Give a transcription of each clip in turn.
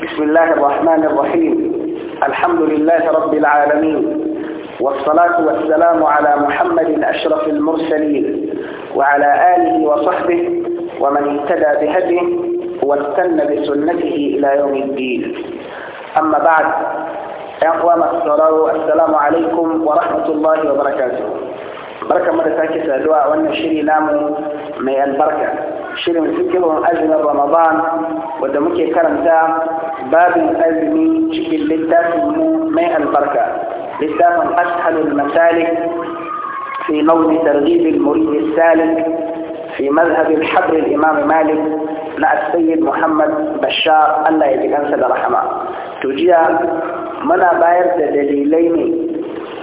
بسم الله الرحمن الرحيم الحمد لله رب العالمين والصلاة والسلام على محمد أشرف المرسلين وعلى آله وصحبه ومن اهتدى بهديه واستنى بسنته إلى يوم الدين أما بعد أقوام السلام عليكم ورحمة الله وبركاته بركة مرة تاكسة دعاء وأن شري نامو من البركة shirin fikirin azumin رمضان wadda muke karanta باب الأزم شكل للتاسم ماء البركة للتاسم أسهل المسالك في موت ترغيب المريد السالك في مذهب الحبر الإمام مالك مع السيد محمد بشار أن يتكنس رحمه تجيء منا باير دليلين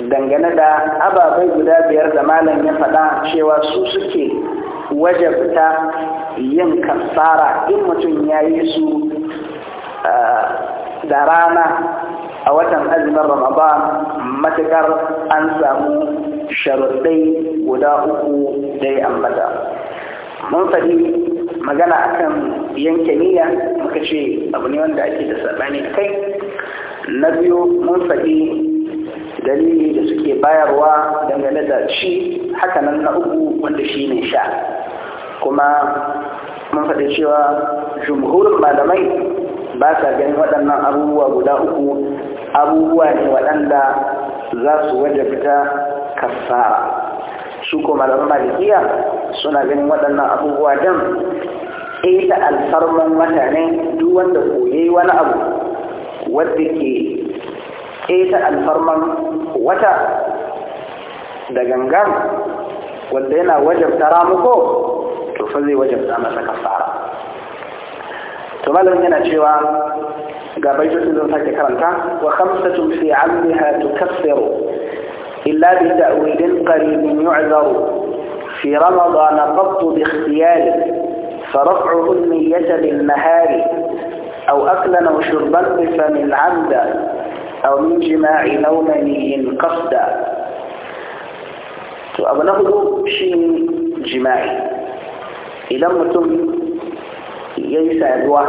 دنجندا دا أبا بيجدا بيرد مالا يفدا شوى سوسكي وجبتا ينكسارا إن متنيا يسو da rana a watan azumin ramadan matukar an samu sharuɗai guda uku da ya ambata mun faɗi magana akan yanke niyya muka ce abu ne wanda ake da saɓani kai na biyu mun faɗi dalili da suke bayarwa dangane da ci hakanan na uku wanda shi ne sha kuma mun faɗi cewa jumhurin malamai ba ka ganin waɗannan abubuwa guda uku abubuwa ne waɗanda za su wajabta kafara su ko malaman malikiya suna ganin waɗannan abubuwa don ita alfarman mutane duk wanda koye wani abu wadda ke ita alfarman wata da gangan wanda yana wajabta ramuko to fa zai wajabta masa kafara to malamin yana cewa ga baitocin zan sake karanta wa khamsatun fi ammiha tukaffiru illa bi ta'wilin qaribin yu'zaru fi ramadan qattu bi ikhtiyari فرفعه النية بالنهار أو أكلا وشربا بفم عمدا أو من جماع نومني قصدا to abu na hudu shi jima'i idan mutum ya yi saduwa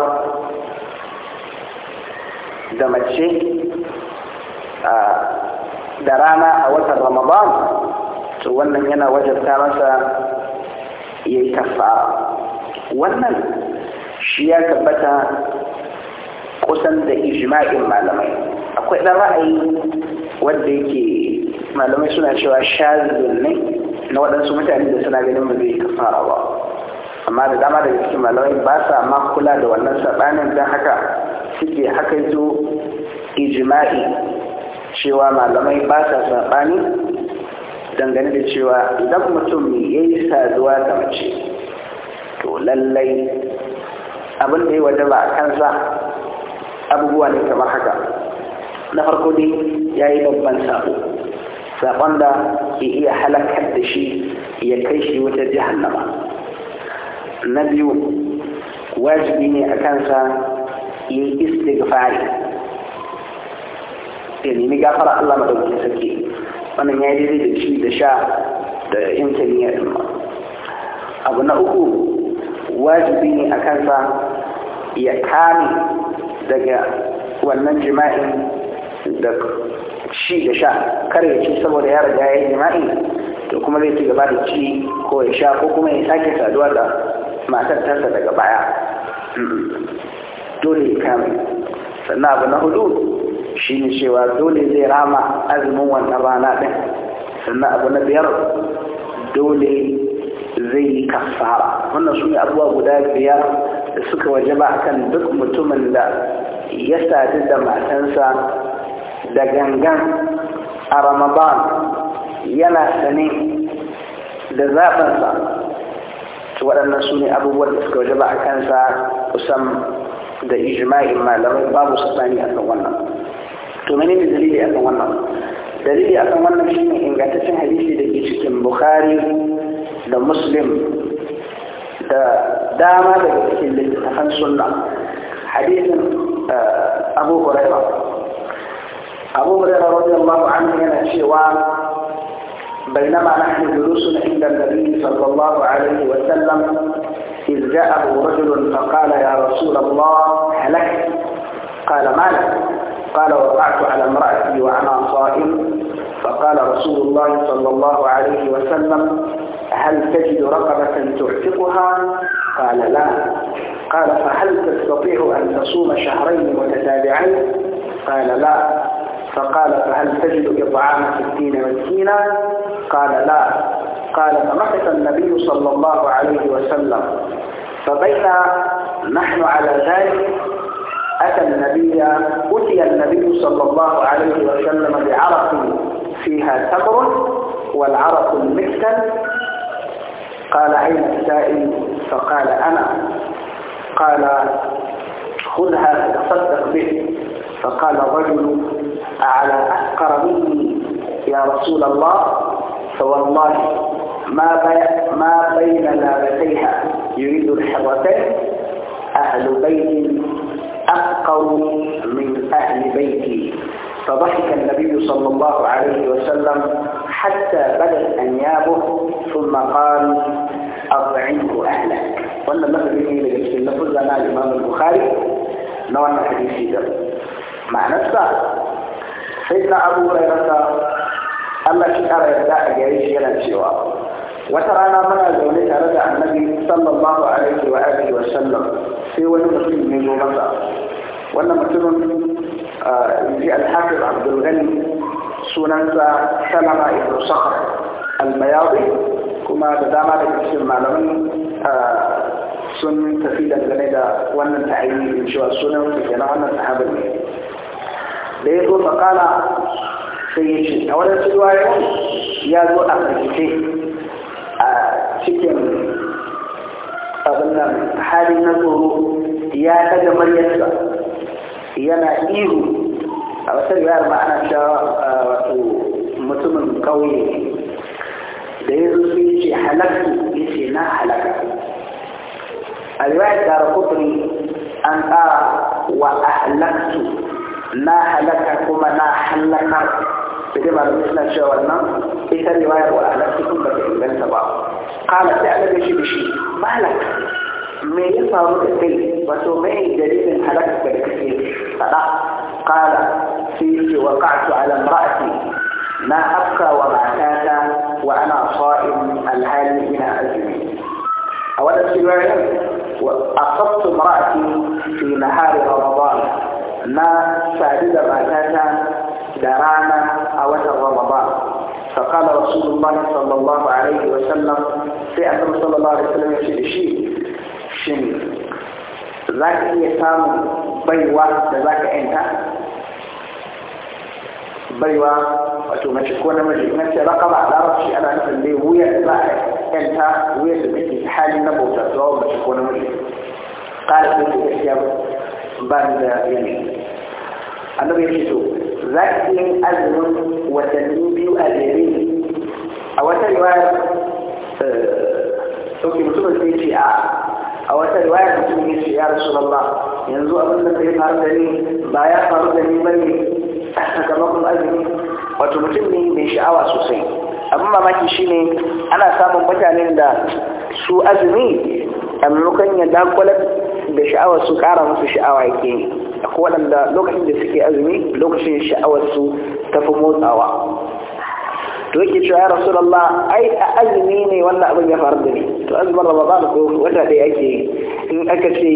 da mace da rana a watan ramadan to wannan yana wajen masa ya yi kafara wannan shi ya tabbata kusan da ijma'in malamai akwai ɗan ra'ayi wanda yake malamai suna cewa shazin ne na waɗansu mutane da suna ganin ba zai kafara ba amma da dama da cikin malamai ba sa ma kula da wannan saɓanin don haka suke haka zo ijima'i cewa malamai ba sa saɓani dangane da cewa idan mutum ya yi saduwa da mace to lallai abin da ya waje ba a kansa abubuwa ne kamar haka na farko dai ya yi babban sabo saƙon da ya iya halakar da shi ya kai shi wata jihannama na biyu wajibi ne a kansa yi istighfari ya nemi gafara Allah madaukin sarki wannan ya yi daidai da shi da sha da yin taniya din ma abu na uku wajibi ne a kansa ya kame daga wannan jima'in da shi da sha kar ya ci saboda ya riga ya yi jima'i to kuma zai ci gaba da ci ko ya sha ko kuma ya sake saduwa da matar tasa daga baya dole kame sannan abu na hudu shi ne cewa dole zai rama azumin wannan rana ɗin sannan abu na biyar dole zai yi kafara wannan su ne abubuwa guda biyar da suka waje ba akan duk mutumin da ya sadu da matansa da gangan a ramadan yana sane da zaɓinsa waɗannan su ne abubuwan da suka wajaba a kansa kusan da ijma'in malamai babu sassani a kan wannan to mene ne dalili a kan wannan dalili a kan wannan shine ingantaccen hadisi da ke cikin bukhari da muslim da dama daga cikin littattafan sunna hadisin eh, abu hurairah abu hurairah radiyallahu anhu yana cewa بينما نحن جلوس عند النبي صلى الله عليه وسلم إذ جاءه رجل فقال يا رسول الله هلكت قال ما لك قال وقعت على امرأتي وأنا صائم فقال رسول الله صلى الله عليه وسلم هل تجد رقبة تعتقها قال لا قال فهل تستطيع أن تصوم شهرين متتابعين قال لا فقال فهل تجد إطعام ستين مسكينا قال لا قال فمكث النبي صلى الله عليه وسلم فبين نحن على ذلك أتى النبي أتي النبي صلى الله عليه وسلم بعرق فيها تمر والعرق المكتل قال أين السائل فقال أنا قال خذها تصدق به فقال رجل أعلى أحقر مني يا رسول الله فوالله ما بي ما بين لابتيها يريد الحرتين أهل بيت اقوى من أهل بيتي فضحك النبي صلى الله عليه وسلم حتى بدت أنيابه ثم قال أطعمه أهلك ولا مثل إيه لجلس النفذ لنا الإمام البخاري نوعنا حديثي ده مع نفسه سيدنا أبو هريرة Allah shi kara yarda a gare shi yana cewa wata rana muna zaune tare da annabi sallallahu alaihi wa alihi wa sallam sai wani mutum ne zo masa wannan mutumin ji alhafiz abdul ghani sunansa salama ibn sakhr al-mayadi kuma da dama daga cikin malaman sun tafi dangane da wannan ta'ayi cewa sunan su kenan wannan sahabin ne da ya zo fa sai ya ce a wadansu ruwayoyin ya zo a karkice a cikin abin nan halin na tsoro ya daga maryarsa yana ihu a wata riwayar ma ana cewa wato mutumin kauye da ya zo sun ce halaktu ya ce na halaka a riwayar da rukutun an tsara wa a halaktu na halaka kuma na halakar sai malamai suna cewa wannan ita riwayar wa ala cikin ba ta inganta ba kala sai annabi shi da shi malak me ya faru da kai wato mai dalilin halaka da kake fada kala sai yake wa qa'tu ala imra'ati na afka wa matata wa ana sa'im alhali ina azumi a wannan riwayar wa asabtu imra'ati fi nahari ramadan na sadu da matata wasu أوت رمضان فقال رسول الله صلى الله عليه وسلم في أنه صلى الله عليه وسلم يشير شيء shi, ذاك يسام بيوة ذاك أنت baiwa wato mace ko namiji na ce raka ba larabci ana nufin dai wuya za a yanta wuya da take hali na bauta zuwa mace ko namiji kare ko ta da ya so. za ki iya yin azumin watanni biyu a jere a wata riwayar sauke eh, mutumin sai ce a a wata riwayar mutum ya ce ya rasu lalla yanzu abin da sai faru da ni ba ya faru da ni ba ne sakamakon azumi wato mutum ne mai sha'awa sosai abin mamaki shine ana samun mutanen da su azumi a maimakon ya dakwalar da sha'awa su kara musu sha'awa yake waɗanda lokacin da suke azumi lokacin sha'awarsu ta fi motsawa to yake cewa ya rasulallah ai a azumi ne wannan abin ya faru da ni to azumin ramadan ko wata ɗaya ake in aka ce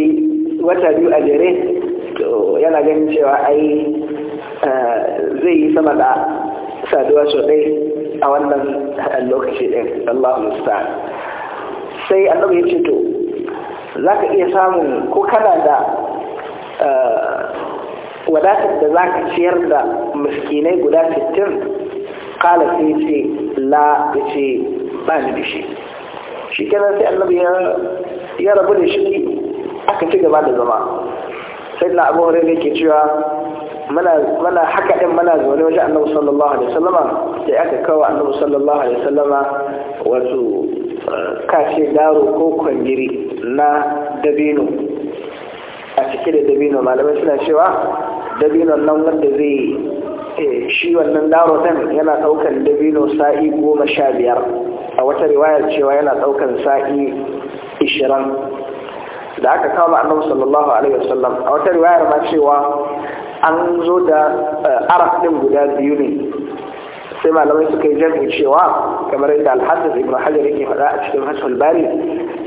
wata biyu a jere to yana ganin cewa ai eh, zai yi sama da saduwa sau ɗai a wannan lokaci ɗin Allah musta sai annabi ya ce to za ka iya samun ko kana da wadatar da za ka ciyar da miskinai guda 60 kala sai ce la ya ce ba ni da shi shi kenan sai annabi ya rabu da shi aka ci gaba da zama sai na abu wurin da ke cewa mana haka ɗin mana zaune wajen annabi sallallahu alaihi wasallama sai aka kawo annabi sallallahu alaihi wasallama wasu kashe daro ko kwangiri na dabino a cike da dabino malamai suna cewa dabino nan wanda zai eh, shi wannan daro yana ɗaukan dabino sa'i goma sha biyar a wata riwayar cewa yana ɗaukan sa'i ishirin da aka kama annabi sallallahu alaihi wasallam a wata riwayar ma cewa an zo da eh, araf ɗin guda biyu ne sai malamai suka yi jami'i cewa kamar yadda alhassan ibn hajar yake faɗa a cikin fasul bari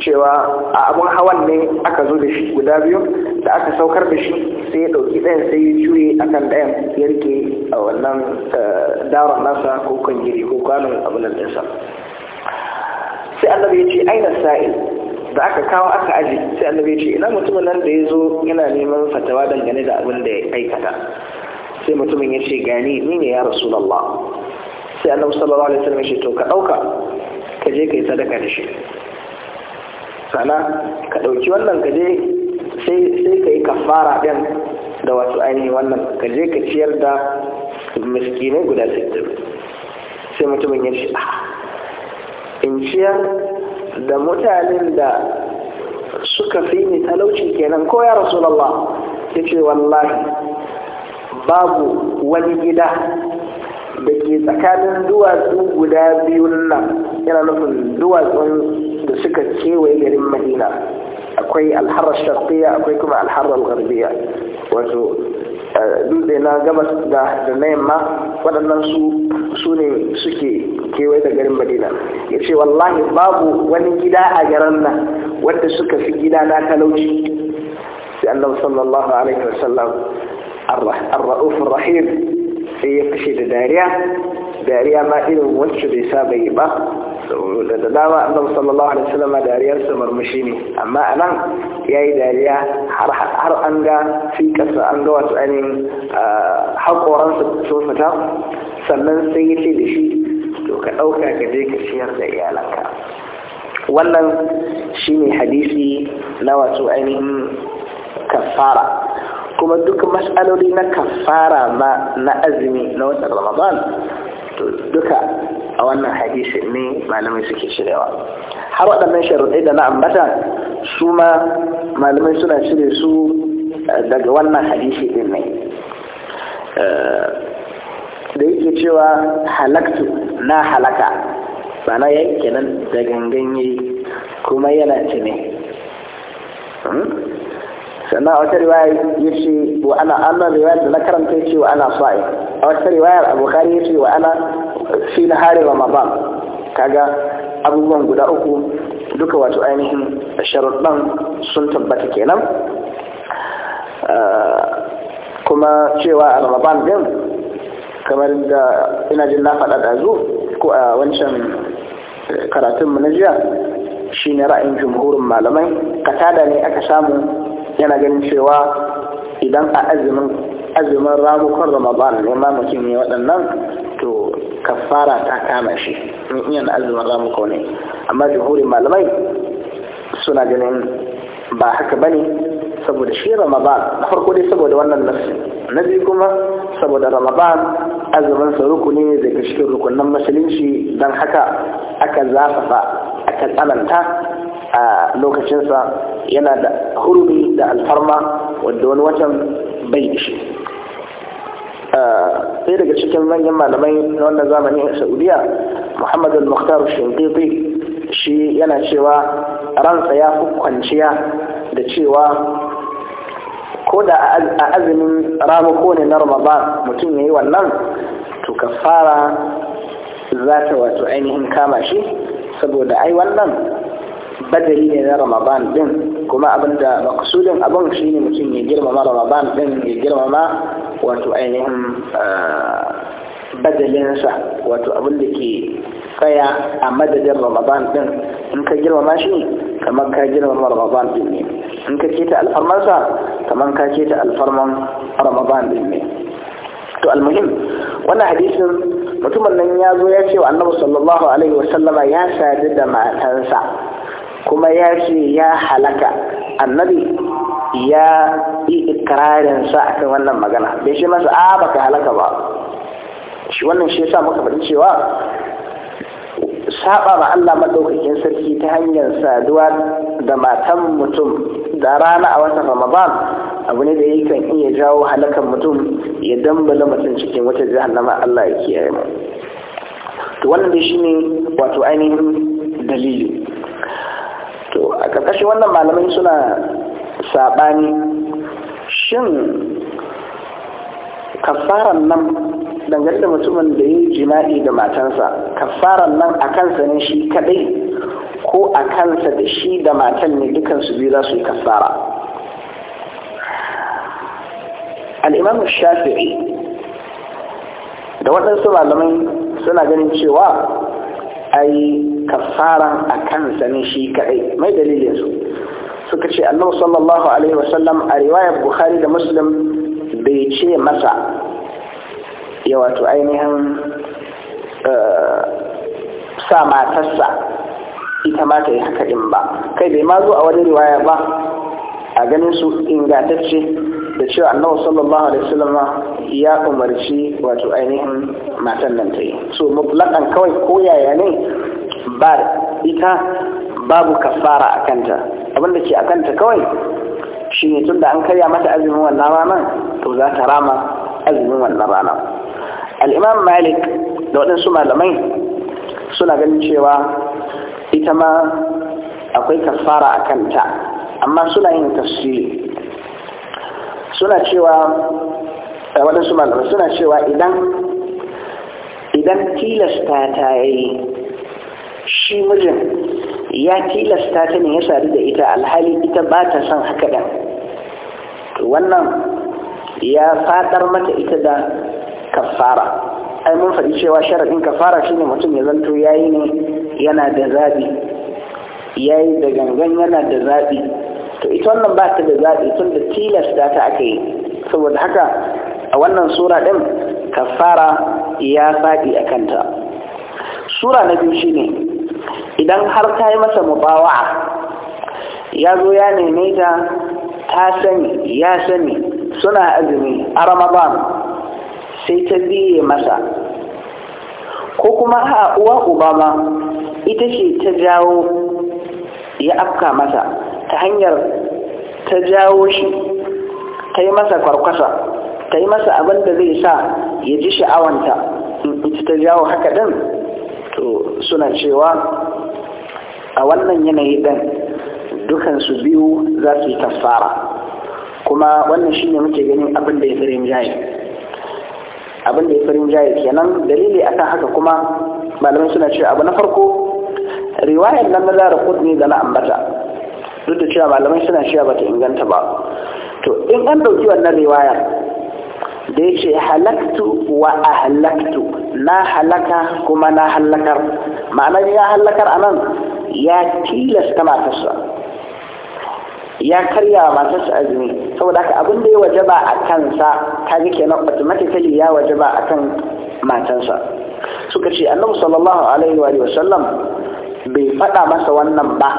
cewa a abun hawan ne aka zo da shi guda biyu da aka saukar da shi sai ya ɗauki ɗayan sai ya juye akan ɗayan ya rike a wannan eh, daron nasa ko kwangiri ko kwanon abu nan ɗinsa sai annabi ya ce aina sa'il da aka kawo aka aji sai annabi ya ce ina mutumin nan da ya zo yana neman fatawa dangane da abin da ya aikata sai mutumin ya ce gani ni ne ya rasu rasulallah sai annabi sallallahu alaihi wasallam shi to ka dauka ka je kai sadaka da shi sana ka dauki wannan ka je sai sai kai kafara din da wato ainihin wannan ka je ka ciyar da miskinai guda 60 sai mutumin ya ce ah, in ciyar da mutanen da suka fi ni talauci kenan ko ya rasulullah ya ce wallahi babu wani gida da ke tsakanin duwatsu guda biyu nan yana nufin duwatsun da suka kewaye garin madina akwai alharar sharfiya akwai kuma alharar garbiya wato eh, dutse na gabas da na yamma waɗannan su ne suke kewaye da garin madina ya ce wallahi babu wani gida a garin nan wadda suka fi gida na talauci sai annabi sallallahu alaihi wasallam ar-ra'uf rahim sai ya fashe da dariya dariya ma irin wacce bai saba yi ba da da dama annabi sallallahu alaihi wasallam dariyarsa marmashi ne amma anan yayi dariya har har an ga kasa an ga wasu ainihin hakoransa sun fita sannan sai ya da shi to ka ɗauka ka je ka da iyalanka wannan shine hadisi na wasu ainihin kafara kuma duk mas'aloli na kafara na azumi na watan ramadan to duka a wannan hadisi ne malamai suke shirewa har waɗannan sharuɗai da na ambata su ma malamai suna cire su eh, daga wannan hadisi ɗin ne eh, da yake cewa halaktu na halaka bana ya kenan da gangan kuma yana ne. sannan a wata riwaya ya ce wa ana annan riwayar da na karanta ya ce wa ana sa'i a wata riwayar abokari ya ce wa ana fi na hari ramadan kaga abubuwan guda uku duka wato ainihin sharuɗan sun tabbata kenan eh, kuma cewa a ramadan din kamar da ina jin na faɗa da zu ko a wancan karatun manajiya na jiya shine ra'ayin jumhurin malamai katada ne aka samu yana ganin cewa idan a azumin azumin ramukan ramadan ne ma mutum ne waɗannan to kafara ta kama shi in iya na azumin ramuka ne amma jihurin malamai suna ganin ba haka bane saboda shi ramadan na farko dai saboda wannan na biyu kuma saboda ramadan azumin sa rukuni daga cikin rukunan musulunci don haka aka zafafa aka tsananta a lokacinsa yana da hurumi da alfarma wadda wani watan bai da shi Sai daga cikin manyan malamai na wannan zamani a saudiya muhammad al-mukhtar shinqiti shi yana cewa ransa ya fi kwanciya da cewa ko da a azumin ramako ne na ramadan mutum ya yi wannan to ka fara za ta wato ainihin kama shi saboda ai wannan badari ne na ramadan din kuma abinda maksudin abin shine mutum ya girmama ramadan din ya girmama wato ainihin ah, badalinsa wato abin da ke tsaya a madadin ramadan din in ka girmama shi kamar ka girmama ramadan din ne in ka keta alfarmansa kamar ka keta alfarman ramadan din ne to almuhim wannan hadisin mutumin nan ya zo ya ce wa annabi sallallahu alaihi wasallama ya sadu da matansa kuma ya ce ya halaka annabi ya yi ikirarinsa a kan wannan magana bai shi masa a baka halaka ba shi wannan shi yasa muka faɗi cewa saba ma Allah maɗaukakin sarki ta hanyar saduwa da matan mutum da rana a fama Ramadan abu ne da yakan iya jawo halakan mutum ya dambala mutum cikin wata jahannama Allah ya kiyaye mu to wannan dai shine wato ainihin dalili a ƙarƙashin wannan malamai suna saɓani shin kafaran nan dangane da mutumin da ya yi jima'i da matansa kafaran nan a kansa ne shi kaɗai, ko a kansa da shi da matan ne dukansu biyu za su yi kafara al'imam shafi'i da waɗansu malamai suna ganin cewa yi kafara a kansa ne shi kaɗai mai dalilinsu suka ce Allah sallallahu alaihi wasallam a riwayar Buhari da muslim bai ce masa ya wato ainihin eh, sa matarsa ita ma ta yi haka in ba kai bai ma zo a wani riwaya ba a ganin su ingantacce da cewa Allah sallallahu alaihi wasallam ya umarci wato ainihin matan nan ta yi so mutlakan kawai ko yaya ne ba ita babu kafara a kanta abinda ke a kanta kawai shi ne tun da an karya mata azumin wannan ranar to za ta rama azumin wannan ranar al'imam malik da waɗansu malamai suna ganin cewa ita ma akwai kafara a kanta amma suna yin tafsiri suna cewa waɗansu malamai suna cewa idan idan tilasta ta yi shi mijin ya tilasta ta ne ya sadu da ita alhali ita ba ta son haka da wannan ya fadar mata ita da kafara ai mun faɗi cewa sharaɗin kafara ne mutum ya zanto yayi ne yana da zaɓi yayi da gangan yana da zaɓi to ita wannan ba ta da zaɓi tun da tilasta ta aka yi saboda haka a wannan sura ɗin kafara ya faɗi a kanta sura na biyu shine idan har ta yi masa mubawa'a ya zo ya neme ta ta sani ya sani suna azumi a ramadan sai ta biye masa ko kuma a uwa obama ita ce ta jawo ya afka masa ta hanyar ta jawo shi ta yi masa kwarkwasa ta yi masa abin da zai sa ya ji sha'awanta in ita ta jawo haka din to suna cewa a wannan yanayi ɗin dukansu biyu za su yi tafara kuma wannan shi ne muke ganin abin da ya fi rinjaye abin da ya fi rinjaye kenan dalili akan haka kuma malamai suna cewa abu na farko riwayar nan na zara ne da na ambata duk da cewa malamai suna cewa bata inganta ba to in an ɗauki wannan riwayar da ya ce halaktu wa a halaktu na halaka kuma na halakar ma'anar ya halakar a nan ya tilasta matarsa ya karya wa matarsa azumi saboda haka abin da ya waje ba a kansa ta ji kenan automatically ya waje ba a kan matansa suka ce annabi sallallahu alaihi wa sallam bai faɗa masa wannan ba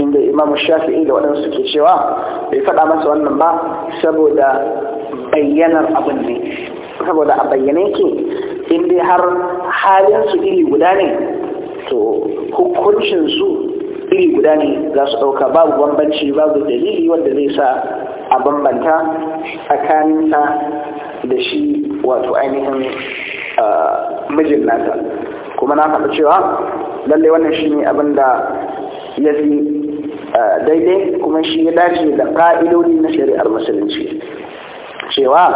inda imam shafi'i da waɗansu suke cewa bai faɗa masa wannan ba saboda bayyanar abin ne saboda a bayyane ke inda har halin su iri guda ne to hukuncin su iri guda ne za su ɗauka babu bambanci babu dalili wanda zai sa a bambanta tsakaninsa da shi wato ainihin mijin nata. kuma na faɗa cewa lallai wannan shi ne abin da ya fi daidai kuma shi ya dace da ƙa'idodi na shari'ar musulunci cewa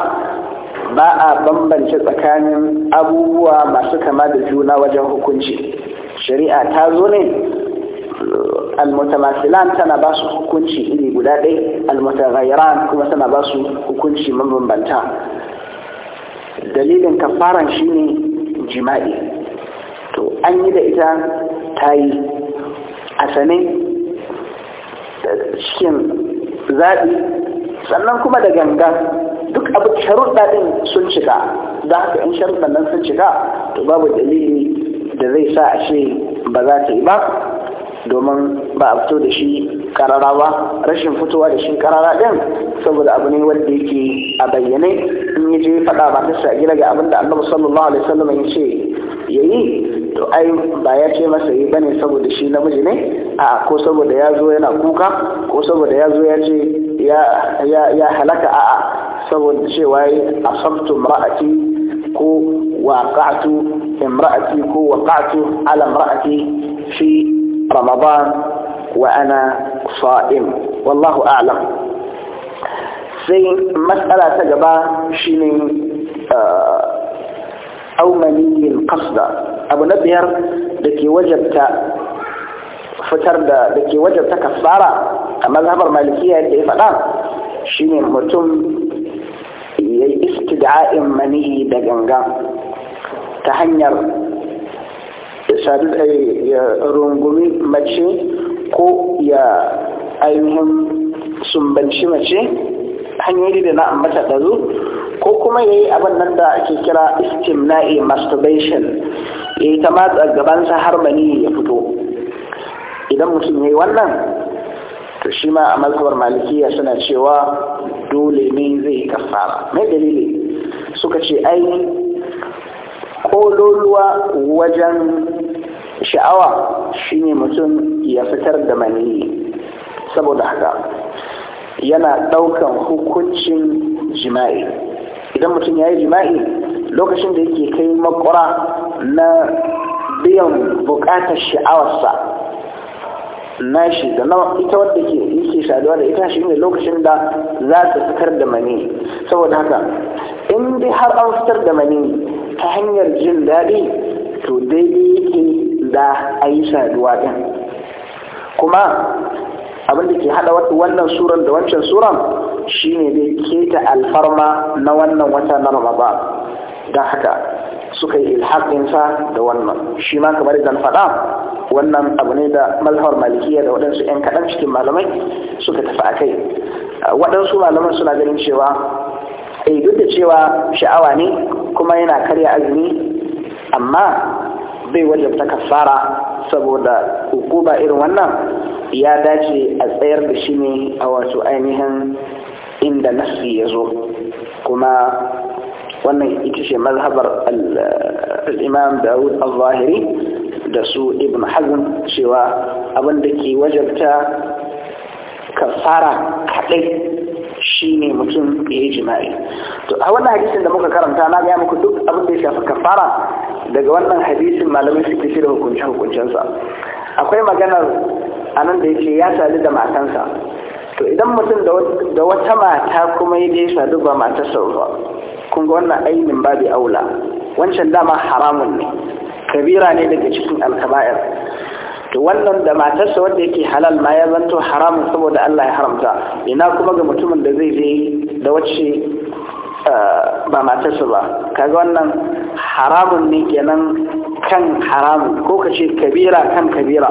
ba a bambance tsakanin abubuwa masu kama da juna wajen hukunci shari'a ta zo ne almutamasilan tana ba su hukunci iri guda ɗai almutaghayran kuma tana ba su hukunci mabambanta dalilin kafaran shine jima'i to an yi da ita ta yi a sane cikin zaɓi sannan kuma da ganga duk abu sharuɗa ɗin sun cika da haka in sharuɗa nan sun cika to babu dalili da zai sa a ce ba za ta yi ba domin ba a fito da shi karara ba rashin fitowa da shi karara ɗin saboda abu ne wanda yake a bayyane in yi je faɗa ba ta sa gina ga abin da annabi sallallahu alaihi wasallam ya ce ya yi to ai ba ya ce masa yi bane saboda shi namiji ne a ko saboda ya zo yana kuka ko saboda ya zo ya ce ya halaka a saboda cewa a sabtu ra'ati ko waƙatu امرأتي وقعت على امرأتي في رمضان وانا صائم والله اعلم في مسألة تجبا شيني آه، او مني قصد ابو نبير لكي وجدت فتر لكي وجدت كفارة اما الهبر المالكية اللي فقام شيني متم إيه، استدعاء مني بجنجان ta hanyar ya rungumi mace ko ya ainihin sumbanci mace hanyoyi da na ambata ɗazu ko kuma ya yi abin nan da ake kira istimna'i masturbation ya yi ta matsa gabansa har bani ya fito idan mutum ya yi wannan to shi ma a malkawar malikiya suna cewa dole ne zai kafara mai dalili suka ce ai kololuwa wajen sha'awa shine mutum ya fitar da maniyi saboda haka yana ɗaukan hukuncin jima'i idan mutum ya yi jima'i lokacin da yake kai makura na biyan bukatar sha'awarsa nashi da na ita wadda ke yake shaduwa da ita shi ne lokacin da za ta fitar da mani saboda haka in dai har an fitar da mani ta hanyar jin daɗi to daidai yake da a yi saduwa ɗin kuma abin da ke haɗa wannan suran da wancan suran ne dai keta alfarma na wannan wata na ba. don haka suka yi ilhaƙinsa da wannan shi ma kamar idan faɗa wannan abu ne da mazhar malikiya da waɗansu 'yan kaɗan cikin malamai suka tafi a kai waɗansu malaman suna ganin cewa eh duk da cewa sha'awa ne kuma yana karya azumi amma bai wajabta kafara saboda hukuma irin wannan ya dace a tsayar da shi ne a wato ainihin inda nasi ya zo kuma wannan ita ce mazhabar al'imam dawud al-zahiri da su ibn hazm cewa abinda ke wajabta kafara kaɗai shine mutum ya jima'i to a wannan hadisin da muka karanta na gaya muku duk abin da ya shafi kafara daga wannan hadisin malamai suke ke da hukunce hukuncensa akwai maganar anan da yake ya sadu da matansa to idan mutum da wata mata kuma ya je sadu ba matarsa ba kun ga wannan ainin babu aula wancan dama haramun ne kabira ne daga cikin alkaba'ir to wannan da matarsa wanda yake halal ma ya zanto haramun saboda Allah ya haramta ina kuma ga mutumin da zai je da wacce eh, ba matarsa ba kaga wannan haramun ne kenan kan haramun ko ka ce kabira kan kabira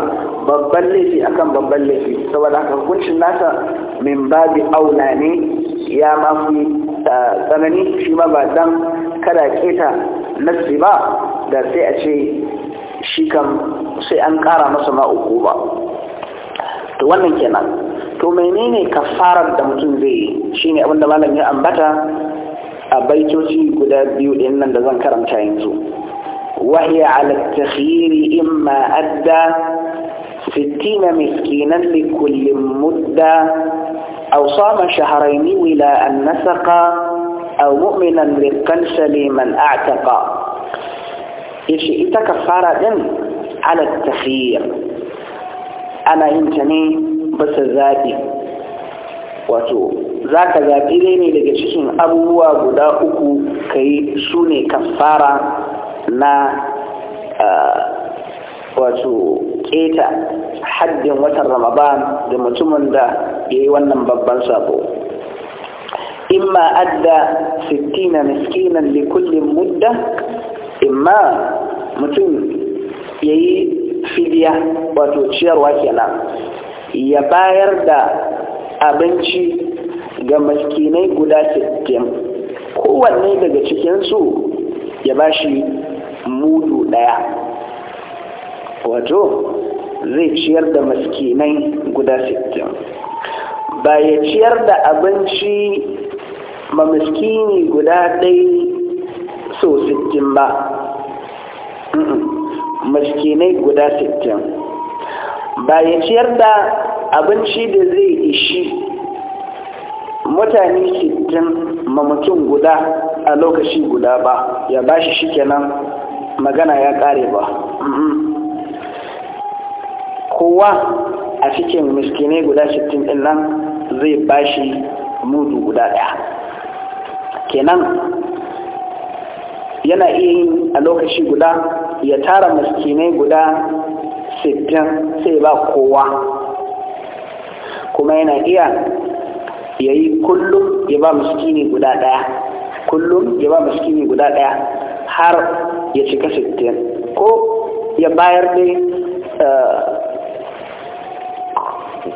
babban laifi akan babban laifi saboda haka hukuncin nasa min babi aula ne ya ma fi eh, tsanani shi ma ba dan kada keta nasi ba da sai a ce shi kam sai an kara masa ma uku ba to wannan kenan to menene kafarar da mutum zai yi shine abinda da malam ya ambata a baitoci guda biyu din nan da zan karanta yanzu wa وهي على التخيير إما أدى ستين مسكينا لكل مدة أو صام شهرين ولا أن نسقا أو مؤمنا رقا سليما أعتقا yace ita kafara din ala takhir ana yin ta ne bisa zabi wato zaka zabi ne daga cikin abubuwa guda uku kai su ne kafara na wato keta haddin watan ramadan da mutumin da ya yi wannan babban sabo imma adda 60 miskinan likulli mudda imma mutum ya yi fidiya wato ciyarwa kenan ya bayar da abinci ga maskinai guda 60 kowanne daga cikinsu ya ba shi mudu daya wato zai ciyar da maskinai guda sittin. ba ya ciyar da abinci ma maskini guda ɗai so sittin ba maskinai guda 60 ba ya ciyar da abinci da zai ishi mutane 60 ma mutum guda a lokaci guda ba ya ba shi shikenan magana ya kare ba kowa a cikin miskinai guda 60 din nan zai ba shi mudu guda daya kenan yana iya yin a lokaci guda ya tara miskinai guda sittin sai ba kowa kuma yana iya ya yi kullum ya ba miskini guda ɗaya kullum ya ba miskini guda ɗaya har ya cika sittin ko ya bayar ne eh,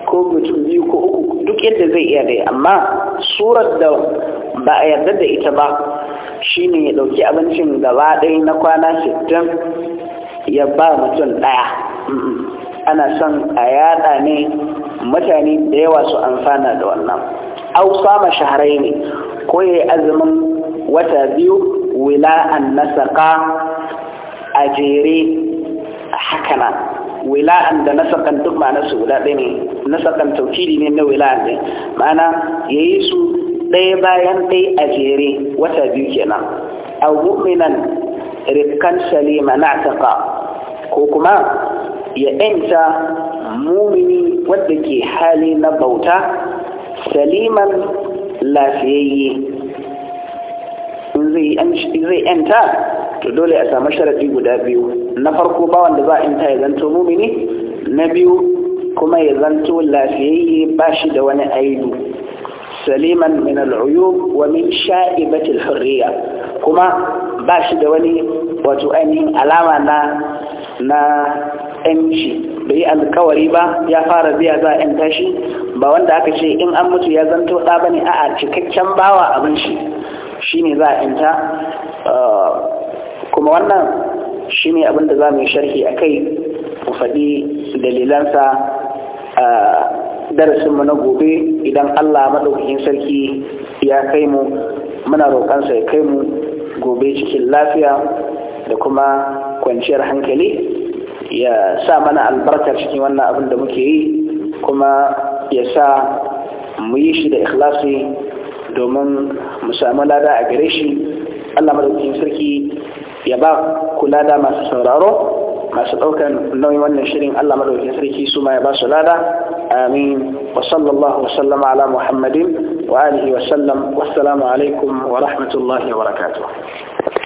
ko mutum biyu ko uku duk yadda zai iya dai amma surar da ba a yarda da ita ba ne ya ɗauki abincin gaba ɗaya na kwana sittin ya ba mutum ɗaya ana son a yada ne mutane da yawa su amfana da wannan au sama shaharai ne ko ya yi azumin wata biyu an na saƙa a jere hakana wila'an da nasakan duk ma'ana su guda ɗaya ne nasakan taukiri ne na wila'an ne ma'ana ya yi su ɗaya bayan ɗaya a jere wata biyu kenan aw mu'minan rifkan salima na taka ko kuma ya ɗanta mumini wadda ke hali na bauta saliman lafiyayye in zai yanta to dole a samu sharaɗi guda biyu na farko ba wanda za a yanta ya zanto mumini na biyu kuma ya zanto lafiyayye ba shi da wani aibu saliman min al'uyub wa min sha'ibatil hurriya kuma ba shi da wani wato ainihin alama na na yanci bai yi alkawari ba ya fara biya za a yan tashi ba wanda aka ce in an mutu ya zanto ɗa ba ne a cikakken bawa abin shi shi ne za a yanta kuma wannan shi ne abin da za mu yi sharhi a faɗi dalilansa mu na gobe idan Allah maɗaukakin sarki ya kai mu muna roƙansa ya kai mu gobe cikin lafiya da kuma kwanciyar hankali ya sa mana albarka cikin wannan abin da muke yi kuma ya sa mu yi shi da ikhlasi domin mu samu lada a gare shi Allah maɗaukakin sarki ya ba ku lada masu sauraro masu ɗaukar nauyin wannan shirin Allah madaukakin sarki su ma ya ba su lada amin wa sallallahu wa sallama ala muhammadin wa alihi wa sallam wassalamu alaikum wa rahmatullahi wa barakatuh